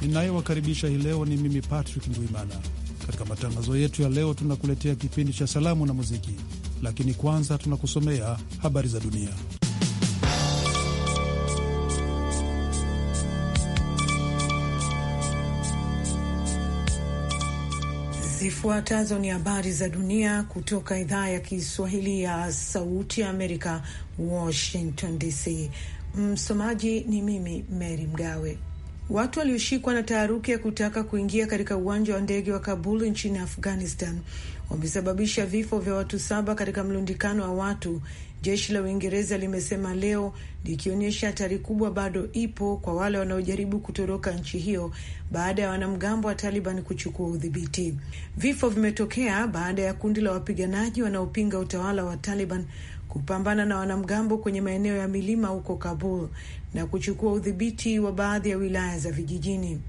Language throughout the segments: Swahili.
ninayewakaribisha hii leo ni mimi Patrick Ndwimana. Katika matangazo yetu ya leo, tunakuletea kipindi cha salamu na muziki, lakini kwanza tunakusomea habari za dunia. Zifuatazo ni habari za dunia kutoka idhaa ya Kiswahili ya Sauti ya Amerika, Washington DC. Msomaji ni mimi Mary Mgawe. Watu walioshikwa na taharuki ya kutaka kuingia katika uwanja wa ndege wa Kabul nchini Afghanistan wamesababisha vifo vya watu saba katika mlundikano wa watu, jeshi la Uingereza limesema leo, likionyesha hatari kubwa bado ipo kwa wale wanaojaribu kutoroka nchi hiyo baada ya wanamgambo wa Taliban kuchukua udhibiti. Vifo vimetokea baada ya kundi la wapiganaji wanaopinga utawala wa Taliban kupambana na wanamgambo kwenye maeneo ya milima huko Kabul na kuchukua udhibiti wa baadhi ya wilaya za vijijini.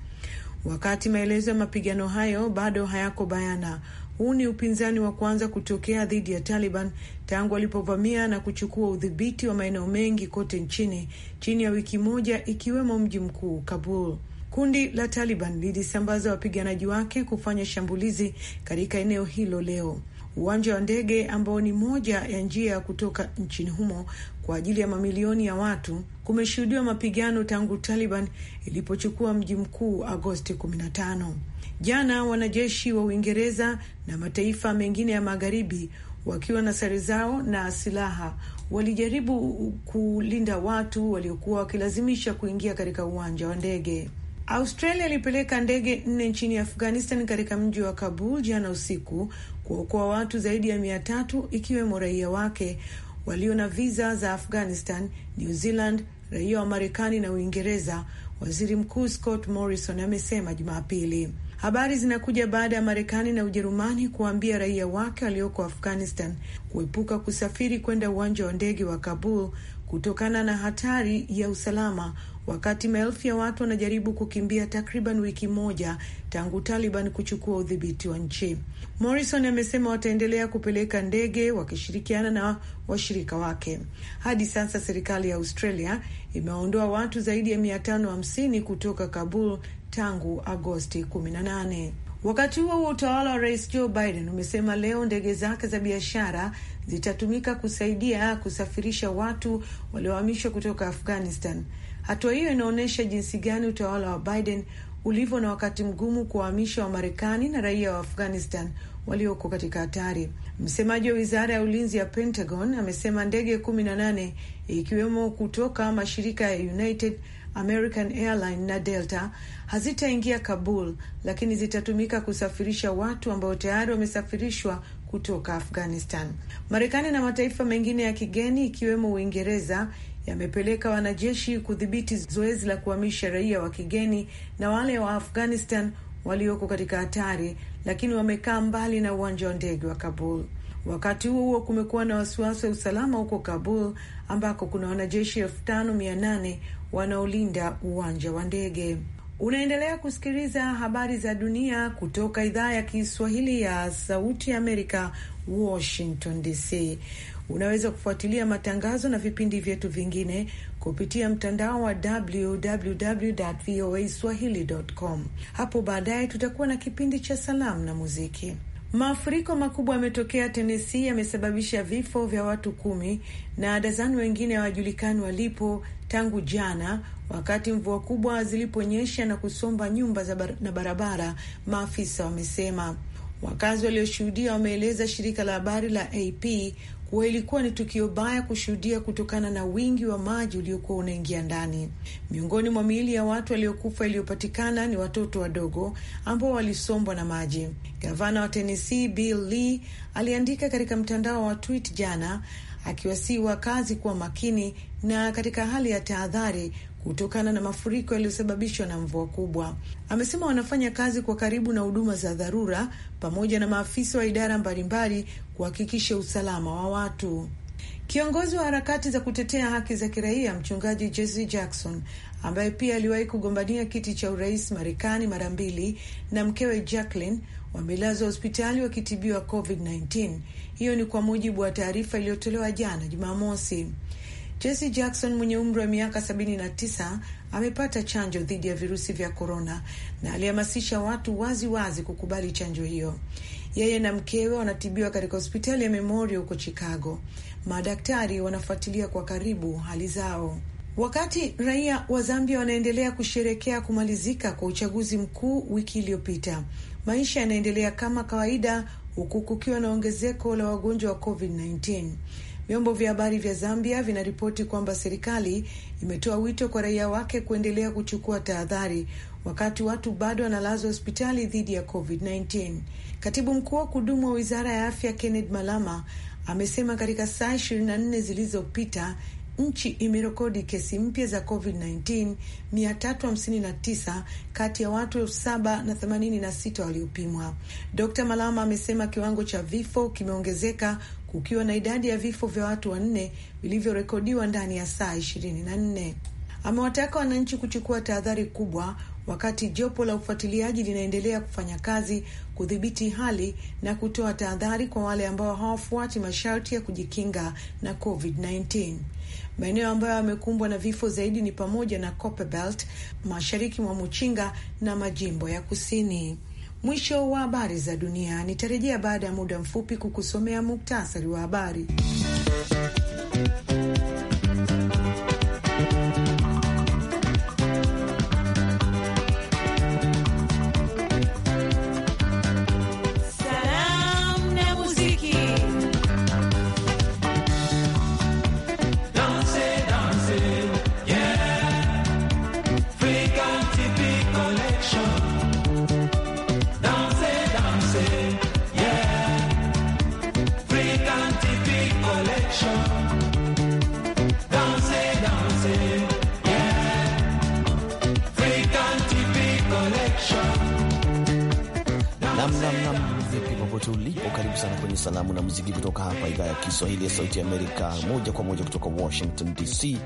Wakati maelezo ya mapigano hayo bado hayako bayana, huu ni upinzani wa kwanza kutokea dhidi ya Taliban tangu walipovamia na kuchukua udhibiti wa maeneo mengi kote nchini chini ya wiki moja, ikiwemo mji mkuu Kabul. Kundi la Taliban lilisambaza wapiganaji wake kufanya shambulizi katika eneo hilo leo. Uwanja wa ndege ambao ni moja ya njia ya kutoka nchini humo kwa ajili ya mamilioni ya watu, kumeshuhudiwa mapigano tangu Taliban ilipochukua mji mkuu Agosti 15. Jana wanajeshi wa Uingereza na mataifa mengine ya magharibi wakiwa na sare zao na silaha walijaribu kulinda watu waliokuwa wakilazimisha kuingia katika uwanja wa ndege. Australia ilipeleka ndege nne nchini Afghanistan katika mji wa Kabul jana usiku, kuokoa watu zaidi ya mia tatu ikiwemo raia wake walio na viza za Afghanistan, New Zealand, raia wa Marekani na Uingereza. Waziri Mkuu Scott Morrison amesema Jumapili. Habari zinakuja baada ya Marekani na Ujerumani kuwaambia raia wake walioko Afghanistan kuepuka kusafiri kwenda uwanja wa ndege wa Kabul kutokana na hatari ya usalama wakati maelfu ya watu wanajaribu kukimbia takriban wiki moja tangu Taliban kuchukua udhibiti wa nchi. Morrison amesema wataendelea kupeleka ndege wakishirikiana na washirika wake. Hadi sasa serikali ya Australia imewaondoa watu zaidi ya 550 kutoka Kabul tangu Agosti 18. Wakati huo wa utawala wa rais Joe Biden umesema leo ndege zake za biashara zitatumika kusaidia kusafirisha watu waliohamishwa kutoka Afghanistan. Hatua hiyo inaonyesha jinsi gani utawala wa Biden ulivyo na wakati mgumu kuwahamisha Wamarekani na raia wa Afghanistan walioko katika hatari. Msemaji wa wizara ya ulinzi ya Pentagon amesema ndege kumi na nane ikiwemo kutoka mashirika ya United American Airline na Delta hazitaingia Kabul, lakini zitatumika kusafirisha watu ambao tayari wamesafirishwa kutoka Afghanistan. Marekani na mataifa mengine ya kigeni ikiwemo Uingereza yamepeleka wanajeshi kudhibiti zoezi la kuhamisha raia wa kigeni na wale wa Afghanistan walioko katika hatari, lakini wamekaa mbali na uwanja wa ndege wa Kabul. Wakati huo huo, kumekuwa na wasiwasi wa usalama huko Kabul ambako kuna wanajeshi elfu tano mia nane wanaolinda uwanja wa ndege. Unaendelea kusikiliza habari za dunia kutoka idhaa ya Kiswahili ya Sauti ya Amerika, Washington DC. Unaweza kufuatilia matangazo na vipindi vyetu vingine kupitia mtandao wa www.voaswahili.com. Hapo baadaye tutakuwa na kipindi cha salamu na muziki. Maafuriko makubwa yametokea Tennessee, yamesababisha vifo vya watu kumi na dazani wengine hawajulikani walipo tangu jana, wakati mvua kubwa ziliponyesha na kusomba nyumba za bar na barabara, maafisa wamesema. Wakazi walioshuhudia wameeleza shirika la habari la AP kuwa ilikuwa ni tukio baya kushuhudia kutokana na wingi wa maji uliokuwa unaingia ndani. Miongoni mwa miili ya watu waliokufa iliyopatikana ni watoto wadogo ambao walisombwa na maji. Gavana wa Tennessee Bill Lee aliandika katika mtandao wa Twitter jana akiwasihi wakazi kuwa makini na katika hali ya tahadhari kutokana na mafuriko yaliyosababishwa na mvua kubwa. Amesema wanafanya kazi kwa karibu na huduma za dharura pamoja na maafisa wa idara mbalimbali kuhakikisha usalama wa watu. Kiongozi wa harakati za kutetea haki za kiraia mchungaji Jesse Jackson ambaye pia aliwahi kugombania kiti cha urais Marekani mara mbili na mkewe Jacqueline wamelazwa hospitali wakitibiwa COVID-19. Hiyo ni kwa mujibu wa taarifa iliyotolewa jana Jumamosi. Jesse Jackson mwenye umri wa miaka 79 amepata chanjo dhidi ya virusi vya korona na alihamasisha watu wazi wazi kukubali chanjo hiyo. Yeye na mkewe wanatibiwa katika hospitali ya Memorial huko Chicago. Madaktari wanafuatilia kwa karibu hali zao. Wakati raia wa Zambia wanaendelea kusherekea kumalizika kwa uchaguzi mkuu wiki iliyopita, maisha yanaendelea kama kawaida, huku kukiwa na ongezeko la wagonjwa wa COVID-19. Vyombo vya habari vya Zambia vinaripoti kwamba serikali imetoa wito kwa raia wake kuendelea kuchukua tahadhari wakati watu bado wanalazwa hospitali dhidi ya COVID-19. Katibu mkuu wa kudumu wa wizara ya afya Kenneth Malama amesema katika saa 24 zilizopita nchi imerekodi kesi mpya za COVID-19 359 kati ya watu 786 waliopimwa. Dr Malama amesema kiwango cha vifo kimeongezeka kukiwa na idadi ya vifo vya watu wanne vilivyorekodiwa ndani ya saa 24. Amewataka wananchi kuchukua tahadhari kubwa wakati jopo la ufuatiliaji linaendelea kufanya kazi kudhibiti hali na kutoa tahadhari kwa wale ambao hawafuati masharti ya kujikinga na COVID-19. Maeneo ambayo yamekumbwa na vifo zaidi ni pamoja na Copperbelt, mashariki mwa Muchinga na majimbo ya kusini. Mwisho wa habari za dunia. Nitarejea baada ya muda mfupi kukusomea muktasari wa habari. kwa idhaa ya Kiswahili ya Sauti Amerika, moja kwa moja kutoka Washington DC,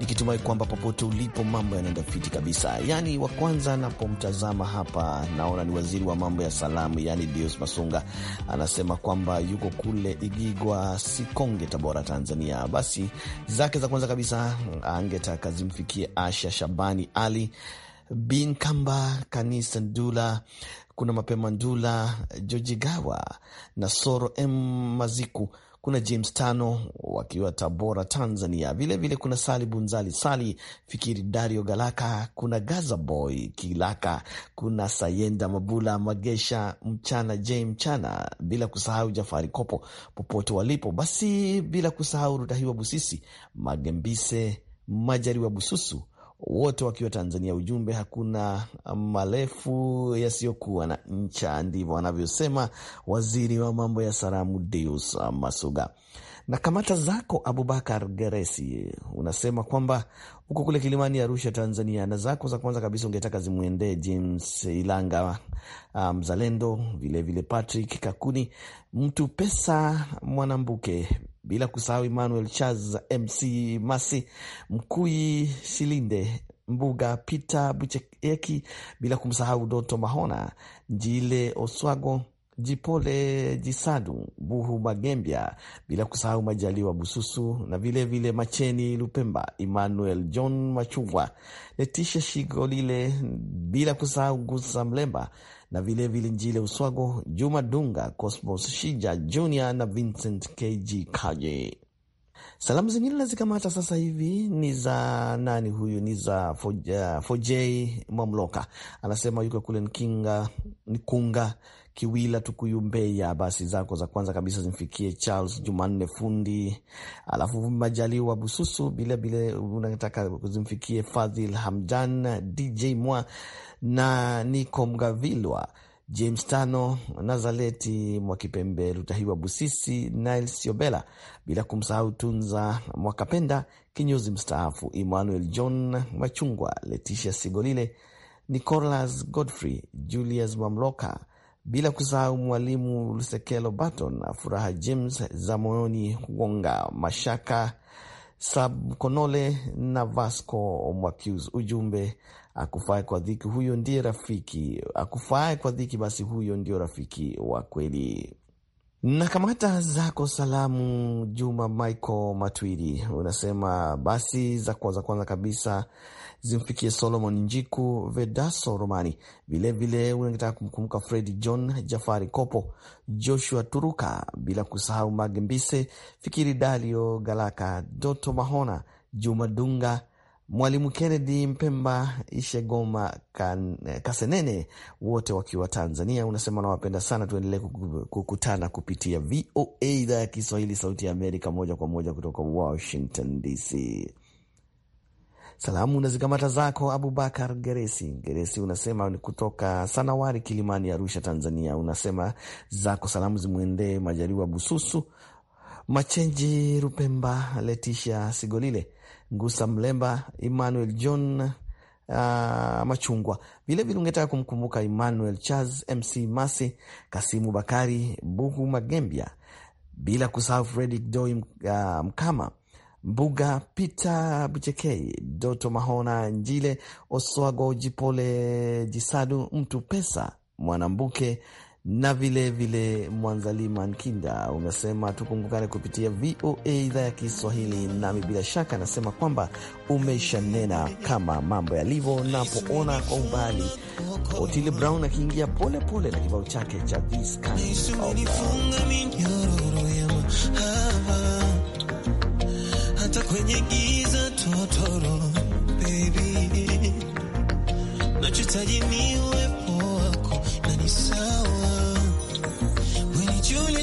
nikitumai kwamba popote ulipo mambo yanaenda fiti kabisa. Yaani wa kwanza anapomtazama hapa naona ni waziri wa mambo ya salamu, yaani Dios Masunga, anasema kwamba yuko kule Igigwa, Sikonge, Tabora, Tanzania. Basi zake za kwanza kabisa angetaka zimfikie Asha Shabani Ali Bin Kamba, Kanisa Ndula, kuna Mapema Ndula, Jojigawa na Soro M Maziku, kuna James Tano wakiwa Tabora, Tanzania. Vilevile vile kuna Sali Bunzali, Sali Fikiri, Dario Galaka, kuna Gaza Boy Kilaka, kuna Sayenda Mabula Magesha, Mchana J Mchana, bila kusahau Jafari Kopo popote walipo. Basi bila kusahau Rutahiwa Busisi, Magembise Majari wa Bususu wote wakiwa Tanzania. Ujumbe hakuna marefu yasiyokuwa na ncha, ndivyo wanavyosema waziri wa mambo ya salamu Deus Masuga. Na kamata zako Abubakar Geresi, unasema kwamba huko kule Kilimani, Arusha, Tanzania, na zako za kwanza kabisa ungetaka zimwendee James Ilanga ah, mzalendo, um, vilevile Patrick Kakuni, mtu pesa Mwanambuke, bila kusahau Emmanuel Charles, MC Masi, Mkui Silinde Mbuga, Peter Bucheki, bila kumsahau Doto Mahona, Njile Oswago, Jipole Jisadu, Buhu Magembya, bila kusahau Majaliwa Bususu na vilevile vile Macheni Lupemba, Emmanuel John Machungwa, Letisha Shigolile, bila kusahau Gusa Mlemba na vilevile Njile Uswago, Juma Dunga, Cosmos Shija Junior na Vincent KG Kaje. Salamu zingine nazikamata sasa hivi ni za nani? Huyu ni za Fojei Mwamloka, anasema yuko kule Nkinga Nkunga Kiwila Tukuyumbeya. Basi zako za kwanza kabisa zimfikie Charles Jumanne Fundi, alafu Majaliwa Bususu, vilevile unataka zimfikie Fadhil Hamdan, DJ Mwa na Niko Mgavilwa, James Tano, Nazareti Mwakipembe, Lutahiwa Busisi, Nile Siobela, bila kumsahau Tunza Mwakapenda kinyozi mstaafu, Emmanuel John Machungwa, Leticia Sigolile, Nicolas Godfrey, Julius Mamloka, bila kusahau Mwalimu Lusekelo Baton, Furaha James Zamoyoni, Wonga Mashaka Sabkonole na Vasco Mwakius. Ujumbe Akufae kwa dhiki, huyo ndiye rafiki. Akufae kwa dhiki, basi huyo ndio rafiki wa kweli. Na kamata zako salamu, Juma Michael Matwiri, unasema basi za kwanza kwanza kabisa zimfikie Solomon Njiku, Vedaso Romani, vilevile unataka kumkumbuka Fred John Jafari Kopo, Joshua Turuka, bila kusahau Magembise Fikiri, Dalio Galaka, Doto Mahona, Juma Dunga Mwalimu Kennedy Mpemba, Ishegoma eh, Kasenene, wote wakiwa Tanzania. Unasema nawapenda sana, tuendelee kukutana kupitia VOA idhaa ya Kiswahili, Sauti ya Amerika, moja kwa moja kutoka Washington DC. Salamu na zako Abubakar Geresi. Geresi unasema ni kutoka Sanawari, Kilimani, Arusha, Tanzania. Unasema zako salamu zimwendee majariwa Bususu, Machenji Rupemba, Letisha Sigolile Ngusa Mlemba, Emmanuel John Uh, Machungwa vilevile ungetaka kumkumbuka Emmanuel Charles, Mc Masi, Kasimu Bakari, Buhu Magembia, bila kusahau Fredi Doi, uh, Mkama Mbuga, Peter Buchekei, Doto Mahona, Njile Oswago, Jipole Jisadu, Mtu Pesa Mwanambuke na vilevile Mwanzaliman Kinda umesema tukumbukane kupitia VOA idhaa ya Kiswahili, nami bila shaka anasema kwamba umeisha nena kama mambo yalivyo. Napoona kwa umbali Otile Brown akiingia pole pole na kibao chake cha this kind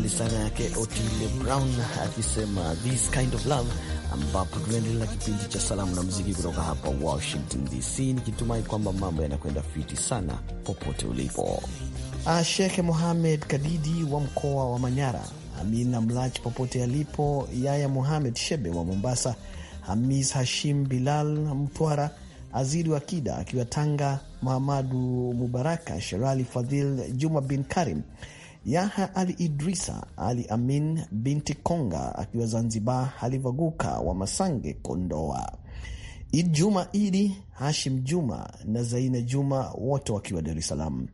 kali sana yake Otile Brown akisema this kind of love, ambapo tunaendelea kipindi cha salamu na muziki kutoka hapa Washington DC, nikitumai kwamba mambo yanakwenda fiti sana popote ulipo. Ah, Shekhe Muhamed Kadidi wa mkoa wa Manyara, Amina Mlach popote alipo, Yaya muhamed Shebe wa Mombasa, Hamis Hashim Bilal Mtwara, Aziri wa Kida akiwa Tanga, Mahamadu Mubaraka Sherali Fadhil Juma bin Karim Yahya Ali Idrisa Ali Amin binti Konga akiwa Zanzibar, halivaguka wa Masange, Kondoa, Id Juma Idi Hashim Juma na Zaina Juma wote wakiwa Dar es Salaam,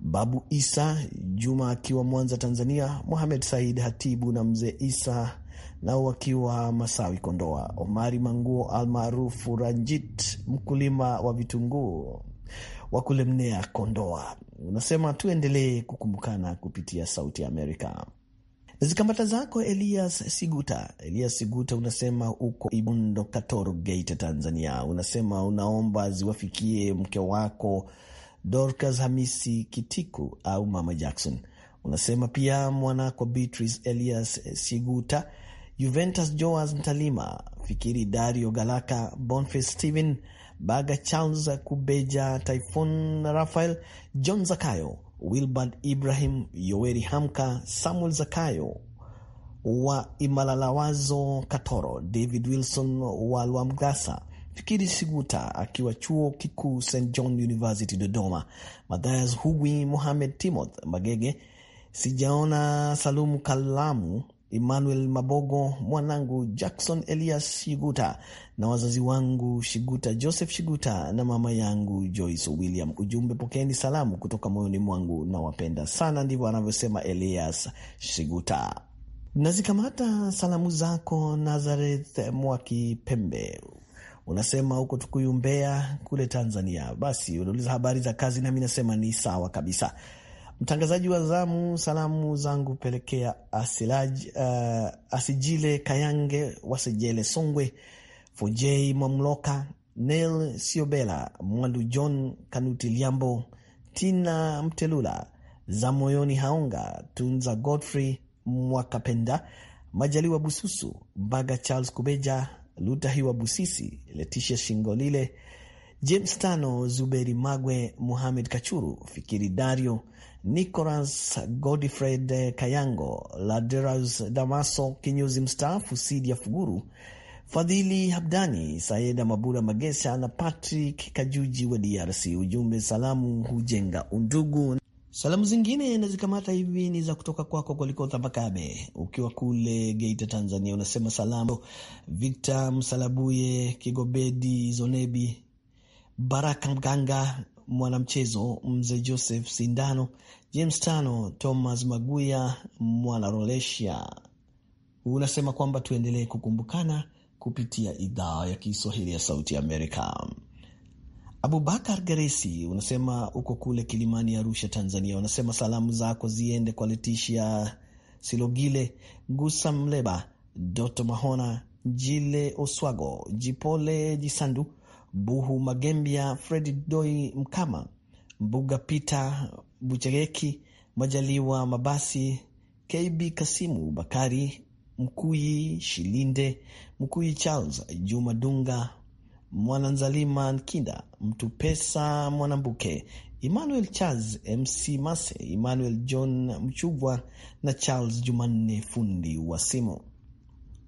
Babu Isa Juma akiwa Mwanza, Tanzania, muhamed Said Hatibu na Mzee Isa nao wakiwa Masawi, Kondoa, Omari Manguo almaarufu Ranjit, mkulima wa vitunguu wa kulemnea Kondoa. Unasema tuendelee kukumbukana kupitia Sauti ya Amerika. Zikambata zako Elias Siguta. Elias Siguta, unasema uko Ibundo, Katoro, Geita, Tanzania. Unasema unaomba ziwafikie mke wako Dorcas Hamisi Kitiku au Mama Jackson. Unasema pia mwanako Beatrice Elias Siguta, Juventus Joas Mtalima, Fikiri Dario Galaka, Bonface Stephen Baga, Charles Kubeja, Typhon Rafael, John Zakayo, Wilbard Ibrahim, Yoweri Hamka, Samuel Zakayo wa Imalalawazo Katoro, David Wilson wa Lwamgasa, Fikiri Siguta akiwa chuo kikuu St John University Dodoma, Mathias Hugwi, Mohamed Timoth Magege, sijaona Salumu Kalamu Emmanuel Mabogo, mwanangu Jackson Elias Shiguta na wazazi wangu Shiguta Joseph Shiguta na mama yangu Joyce William. Ujumbe, pokeeni salamu kutoka moyoni mwangu, nawapenda sana. Ndivyo anavyosema Elias Shiguta. Nazikamata salamu zako Nazareth Mwakipembe, unasema huko Tukuyu, Mbeya kule Tanzania. Basi unauliza habari za kazi, nami nasema ni sawa kabisa. Mtangazaji wa zamu, salamu zangu pelekea Asilaj, uh, Asijile Kayange Wasejele Songwe, Fojei Mwamloka, Nel Siobela Mwandu, John Kanuti Liambo, Tina Mtelula za moyoni, Haonga Tunza, Godfrey Mwakapenda, Majaliwa Bususu, Mbaga Charles Kubeja, Lutahiwa Busisi, Letisha Shingolile, James Tano, Zuberi Magwe, Muhamed Kachuru, Fikiri Dario Nicolas Godfred Kayango, Laderas Damaso kinyozi mstaafu, Sidia Fuguru, Fadhili Habdani, Sayeda Mabura Magesha na Patrick Kajuji wa DRC. Ujumbe salamu hujenga undugu. Salamu zingine nazikamata hivi ni za kutoka kwako Kolikotha Makabe, ukiwa kule Geita, Tanzania. Unasema salamu Victor Msalabuye, Kigobedi Zonebi, Baraka Mganga, mwanamchezo mzee Joseph Sindano, James Tano, Thomas Maguya, mwana Rolesia. Unasema kwamba tuendelee kukumbukana kupitia idhaa ya Kiswahili ya Sauti Amerika. Abubakar Garesi unasema uko kule Kilimani, Arusha, Tanzania. Unasema salamu zako ziende kwa Letishia Silogile, Gusa Mleba, Doto Mahona, Jile Oswago, Jipole Jisandu, Buhu magembia fred Doi Mkama, Mbuga Peter buchegeki Majaliwa Mabasi, KB Kasimu Bakari, Mkuyi Shilinde, Mkuyi Charles, Juma Dunga, Mwananzalima Nkinda, Pesa Mwanambuke, Emmanuel Charles, MC Mase, Emmanuel John Mchugwa na Charles Jumanne fundi wa simu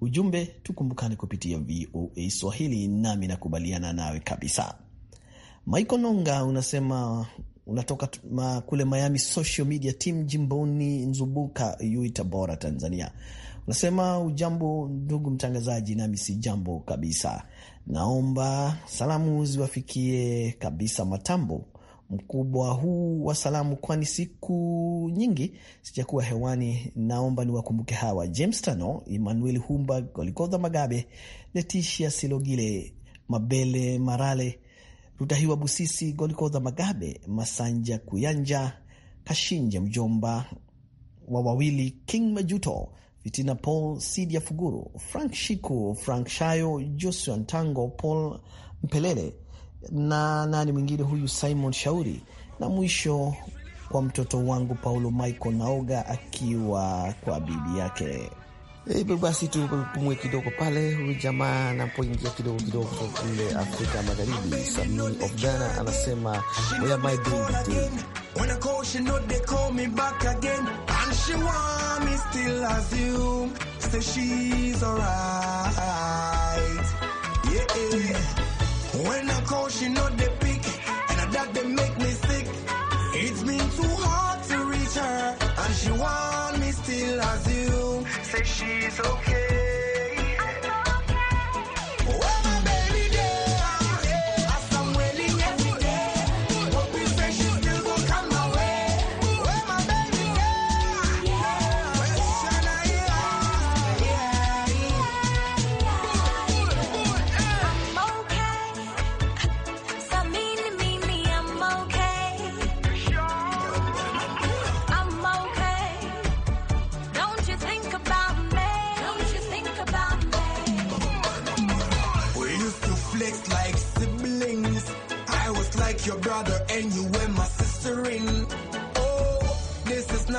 ujumbe tukumbukane kupitia VOA Swahili, nami nakubaliana nawe kabisa. Michael Nonga unasema unatoka ma, kule Miami social media team jimboni nzubuka Geita, Tabora, Tanzania. Unasema ujambo ndugu mtangazaji, nami si jambo kabisa. Naomba salamu ziwafikie kabisa Matambo mkubwa huu wa salamu, kwani siku nyingi sijakuwa hewani. Naomba niwakumbuke hawa: James Tano, Emmanuel Humba, Golikodha Magabe, Leticia Silogile, Mabele Marale, Rutahiwa Busisi, Golikodha Magabe, Masanja Kuyanja, Kashinje mjomba wa wawili, King Majuto, Vitina Paul, Sidia Fuguru, Frank Shiku, Frank Shayo, Joshua Ntango, Paul Mpelele na nani mwingine huyu Simon Shauri, na mwisho kwa mtoto wangu Paulo Michael Naoga akiwa kwa bibi yake. Hivyo basi tupumue kidogo pale, huyu jamaa anapoingia kidogo kidogo kule Afrika Magharibi. Sami of Ghana anasema where my baby cause she know they pick. And I that they make me sick. It's been too hard to reach her. And she want me still as you. Say she's okay.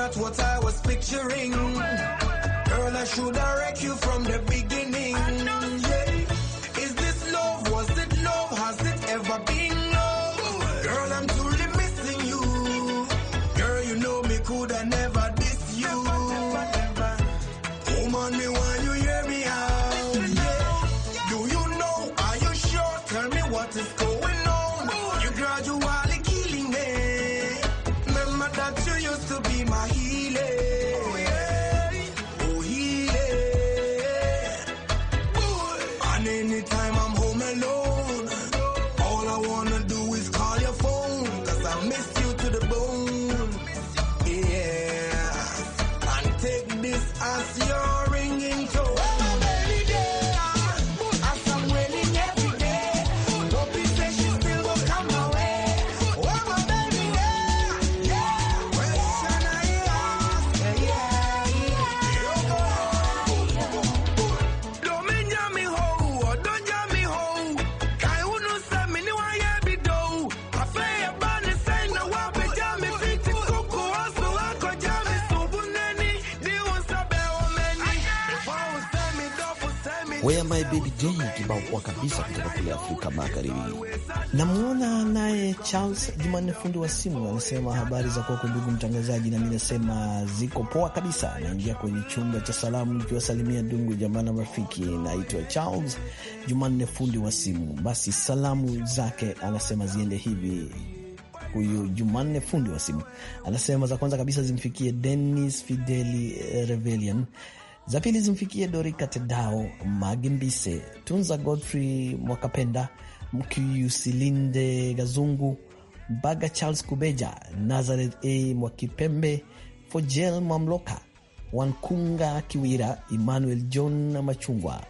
not what I was picturing. Girl, I should have wrecked you from the beginning. naye Baby J kibao kwa kabisa kutoka kule Afrika Magharibi. Namwona naye Charles Jumanne, fundi wa simu, anasema habari za kwako ndugu mtangazaji, nami nasema ziko poa kabisa. Naingia kwenye chumba cha salamu nikiwasalimia ndugu jamaa na marafiki. Naitwa Charles Jumanne, fundi wa simu. Basi salamu zake anasema ziende hivi Huyu Jumanne fundi wa simu anasema za kwanza kabisa zimfikie Denis Fideli Revelian za pili zimfikie Dorika Tedao Magimbise, Tunza Godfrey Mwakapenda, Mkiusilinde Gazungu Mbaga, Charles Kubeja, Nazareth A Mwakipembe, Fojel Mwamloka, Wankunga Kiwira, Emmanuel John Machungwa,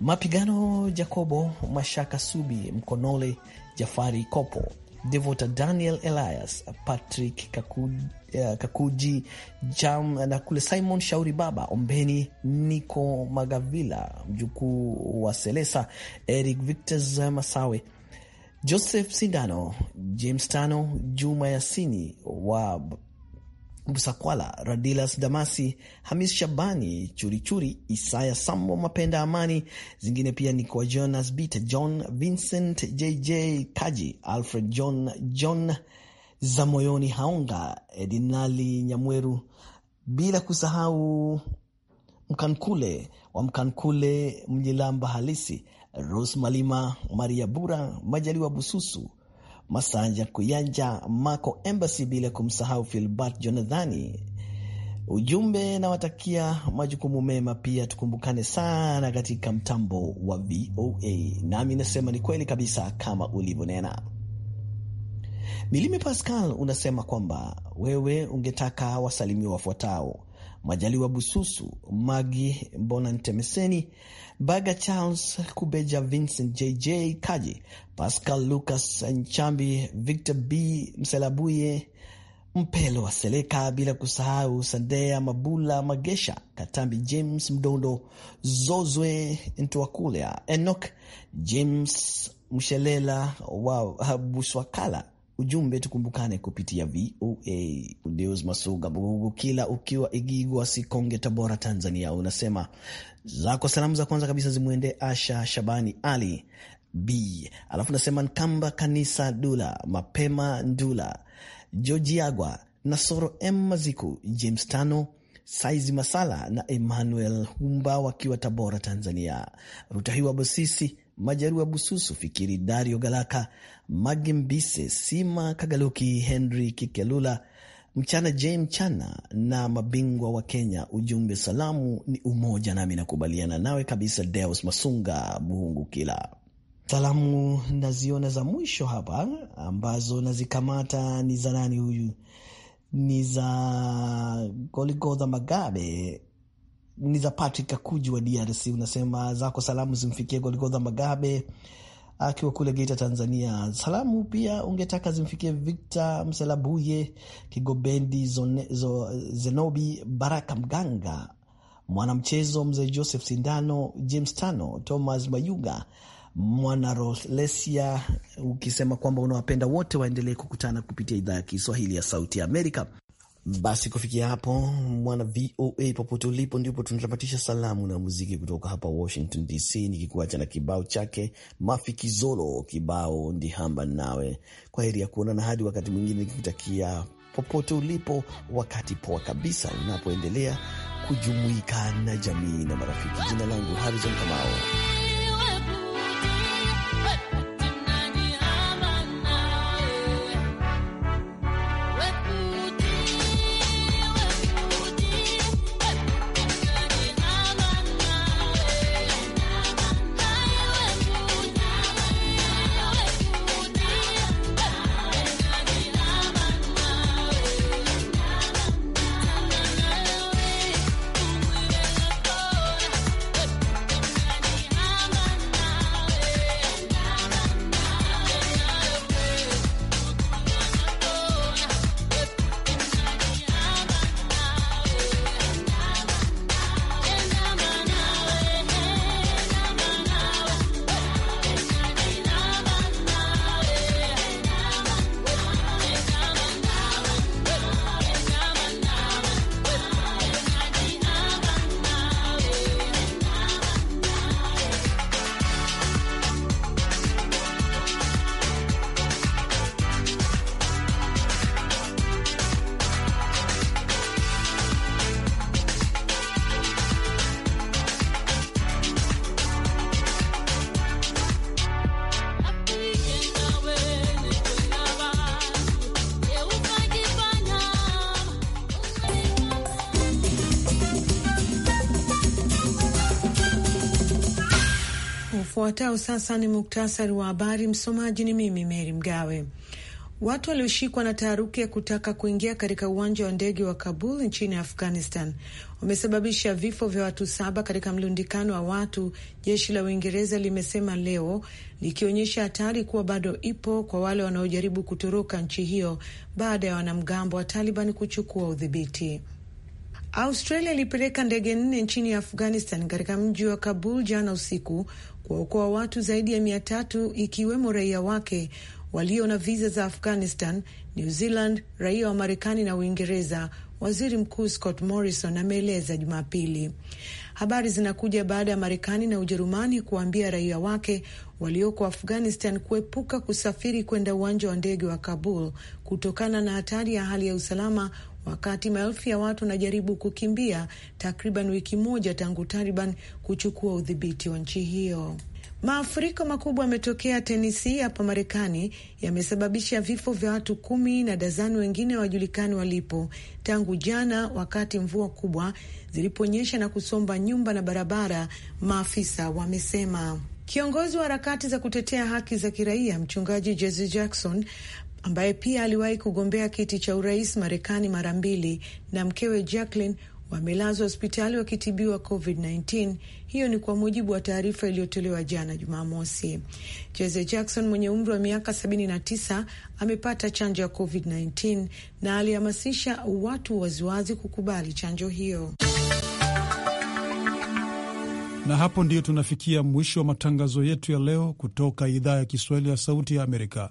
Mapigano Jacobo Mashaka Subi, Mkonole Jafari Kopo, Devota Daniel Elias, Patrick Kakuji, eh, Kakuji Jam na kule Simon Shauri, Baba Ombeni, Niko Magavila, mjukuu wa Selesa, Eric victor Masawe, Joseph Sindano, James Tano, Juma Yasini wa Mbusakwala, Radilas Damasi, Hamis Shabani, Churichuri, Isaya Sambo, Mapenda Amani. Zingine pia ni kwa Jonas bite John Vincent, JJ Kaji, Alfred John, John Zamoyoni Haonga, Edinali Nyamweru, bila kusahau Mkankule wa Mkankule, Mjilamba Halisi, Rose Malima, Maria Bura, Majaliwa Bususu, Masanja Kuyanja, Marco Embassy, bila kumsahau Filbert Jonathani. Ujumbe nawatakia majukumu mema, pia tukumbukane sana katika mtambo wa VOA. Nami nasema ni kweli kabisa kama ulivyonena. Milime Pascal unasema kwamba wewe ungetaka wasalimiwa wafuatao: Majaliwa Bususu, Magi Mbona, Ntemeseni Baga, Charles Kubeja, Vincent JJ Kaji, Pascal Lucas Nchambi, Victor B Mselabuye, Mpelo wa Seleka, bila kusahau Sandea Mabula Magesha, Katambi James Mdondo, Zozwe Ntuakulea, Enok James Mshelela wa Buswakala ujumbe tukumbukane kupitia VOA. Udeus Masuga Bugugu kila ukiwa Igigwa, Sikonge, Tabora, Tanzania, unasema zako salamu za kwanza kabisa zimwende Asha Shabani Ali B, alafu nasema Nkamba Kanisa Dula Mapema Ndula Jojiagwa Nasoro M Maziku James tano Saizi Masala na Emmanuel Humba wakiwa Tabora, Tanzania. Rutahiwa Bosisi Majarua Bususu, Fikiri Dario, Galaka Magimbise, Sima Kagaluki, Henry Kikelula, Mchana Jame Chana na mabingwa wa Kenya. Ujumbe salamu ni umoja, nami nakubaliana nawe kabisa. Deus Masunga Buhungu kila salamu naziona za mwisho hapa ambazo nazikamata ni za nani huyu? Ni za Goligodha Magabe ni za Patrick Kakuji wa DRC. Unasema zako salamu zimfikie Golgodha Magabe akiwa kule Geita, Tanzania. Salamu pia ungetaka zimfikie Victor Mselabuye, Kigobendi Zenobi, Baraka Mganga, mwanamchezo mzee Joseph Sindano, James Tano, Thomas Mayuga, mwana Rolesia, ukisema kwamba unawapenda wote waendelee kukutana kupitia idhaa ya Kiswahili ya Sauti ya Amerika. Basi kufikia hapo, mwana VOA popote ulipo, ndipo tunatamatisha salamu na muziki kutoka hapa Washington DC, nikikuacha na kibao chake Mafi Kizolo, kibao Ndihamba Nawe. Kwa heri ya kuonana hadi wakati mwingine, nikikutakia popote ulipo wakati poa kabisa unapoendelea kujumuika na jamii na marafiki. Jina langu harizon Kamao. Ufuatao sasa ni muktasari wa habari. Msomaji ni mimi Meri Mgawe. Watu walioshikwa na taharuki ya kutaka kuingia katika uwanja wa ndege wa Kabul nchini Afghanistan wamesababisha vifo vya watu saba katika mlundikano wa watu, jeshi la Uingereza limesema leo, likionyesha hatari kuwa bado ipo kwa wale wanaojaribu kutoroka nchi hiyo baada ya wanamgambo wa Taliban kuchukua udhibiti. Australia ilipeleka ndege nne nchini Afghanistan katika mji wa Kabul jana usiku, kuwaokoa watu zaidi ya mia tatu ikiwemo raia wake walio na viza za Afghanistan, New Zealand, raia wa Marekani na Uingereza. Waziri Mkuu Scott Morrison ameeleza Jumapili. Habari zinakuja baada ya Marekani na Ujerumani kuwaambia raia wake walioko Afghanistan kuepuka kusafiri kwenda uwanja wa ndege wa Kabul kutokana na hatari ya hali ya usalama wakati maelfu ya watu wanajaribu kukimbia takriban wiki moja tangu Taliban kuchukua udhibiti wa nchi hiyo. Maafuriko makubwa yametokea Tennessee hapa Marekani, yamesababisha vifo vya watu kumi na dazani wengine hawajulikani walipo tangu jana, wakati mvua kubwa ziliponyesha na kusomba nyumba na barabara, maafisa wamesema. Kiongozi wa harakati za kutetea haki za kiraia mchungaji Jesse Jackson ambaye pia aliwahi kugombea kiti cha urais Marekani mara mbili, na mkewe Jacqueline wamelazwa hospitali wakitibiwa COVID-19. Hiyo ni kwa mujibu wa taarifa iliyotolewa jana Jumamosi. Jesse Jackson mwenye umri wa miaka 79 amepata chanjo ya COVID-19 na alihamasisha watu waziwazi kukubali chanjo hiyo. Na hapo ndiyo tunafikia mwisho wa matangazo yetu ya leo kutoka idhaa ya Kiswahili ya Sauti ya Amerika.